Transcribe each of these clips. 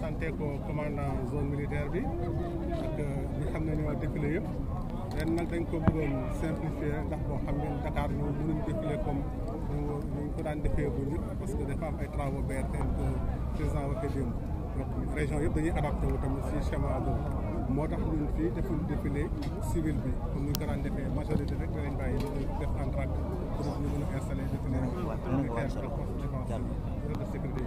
sante ko commandant zone militaire bi ak ñi xam ne ñoo défilé yëpp ren nag dañ ko bëggoon simplifier ndax boo xam ne Dakar ñoom mënuñ défilé comme ñu ko daan defee bu njëkk parce que dafa am ay travaux BRT que président waxee démb donc moo tax ñun fii deful défilé civil bi comme ñu ko daan defee majorité rek danañ bàyyi ñu def en tract pour ñu mën a installé défilé militaire de force défense et de sécurité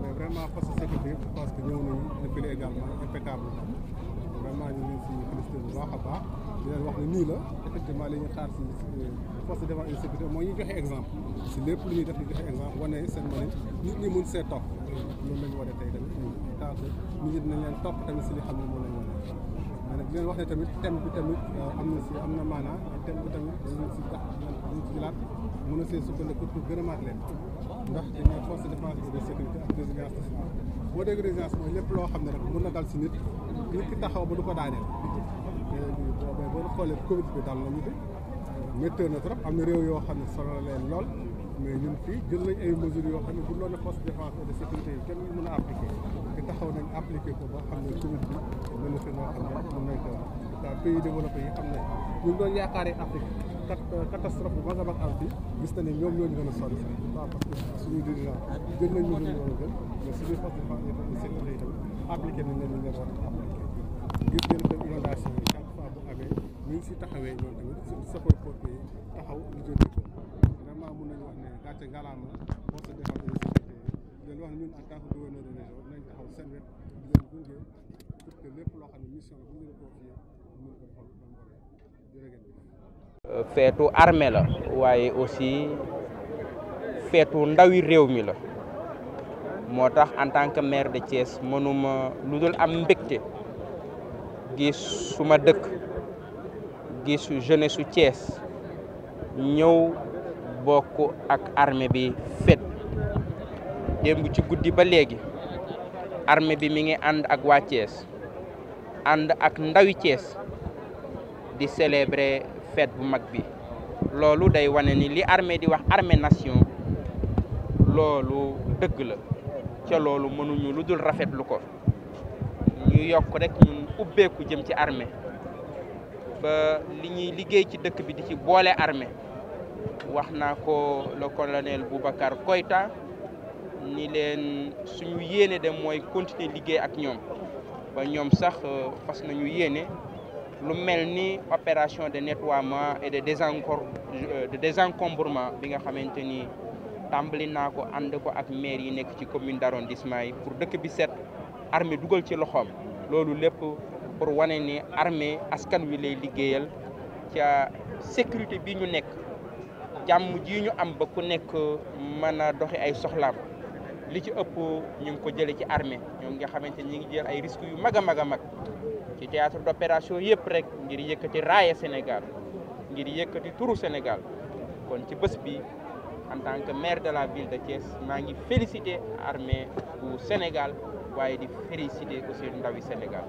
mais vraiment force sécurité je pense que ñëw nañu défilé également impeccable maa ngi leen si félicité bu baax a baax leen wax ne nii la effectivement li ñu xaar si euh, force de défense et de sécurité moo ñuy joxe exemple si lépp lu ñuy def di joxe exemple wane seen mëneñ nit ñi mun see topp loolu la ñu war a tey nit ñi dinañ leen topp tamit si li xam ne moom la ñu mais nag di wax ne tamit thème bi tamit euh, am na si am na maanaa thème bi tamit dinañ si tax dinañ si jëlaat mën a see sukkandiku pour gën a maat leen ndax dañuy force de défense et boo dégg résilience lépp loo xam ne rek mën na dal si nit nit ki taxaw ba du ko daaneel boobee boo xoolee covid bi dal na ñu na trop am na réew yoo xam ne solo leen lool mais ñun fii jël nañ ay mesures yoo xam ne bu loolu la force de défense et de sécurité yi kenn mën a appliquer te taxaw nañ appliquer ko ba xam ne Covid bi mën na fi noo xam ne mën nañ ko wax pays développé yi am nañ ñu doon yaakaaree Afrique kat euh, catastrophe bu mag a mag am fi gis na ne ñoom ñoo ñu gën a sori sax waaw parce que suñu dirigeant jël nañ mesures yoo xam mais suñu force de défense et de sécurité yi tamit appliqué nañ leen ñu leen war a appliqué gis ngeen ko inondation yi chaque fois bu amee ñu ngi si taxawee ñoom tamit sapeurs-pompiers yi taxaw lu jënd ko vraiment mun nañu wax ne euh, feetu armée la waaye aussi feetu ndawi réew mi la moo tax en tant que maire de Thiès mënuma lu dul am mbégte gis suma dëkk gis jeunesse su Thiès ñëw bokk ak armée bi fet démb ci guddi ba léegi armée bi mi ngi ànd ak waa Thiès ànd ak ndawi Thiès di célébrer fête bu mag bi loolu day wane ni li armée di wax armée nation loolu dëgg la ca loolu mënuñu lu dul rafetlu ko ñu yokk rek ñun ubbeeku jëm ci armée ba li ñuy liggéey ci dëkk bi di ci boole armée wax naa ko le colonel Boubacar Koïta ni leen suñu yéene dem mooy continuer liggéey ak ñoom ba ñoom sax euh, fas nañu yéene lu mel ni opération de nettoiement et de désencom euh, de désencombrement bi nga xamante ni tàmbali naa ko ànd ko ak maire yi nekk ci commune d'arrondissement yi pour dëkk bi set armée dugal ci loxoom loolu lépp pour wane ni armée askan wi lay liggéeyal ca sécurité bi ñu nekk jàmm ji ñu am ba ku nekk mën a doxi ay soxlaam li ci ëpp ñu ngi ko jële ci armée ñoom nga xamante ñi ngi jël ay risques yu mag a mag a mag ci théâtre d'opération yëpp rek ngir yëkkati raaya Sénégal ngir yëkkati turu Sénégal kon ci bës bi en tant que maire de la ville de Thiès maa ngi féliciter armée bu Sénégal waaye di féliciter aussi ndawi Sénégal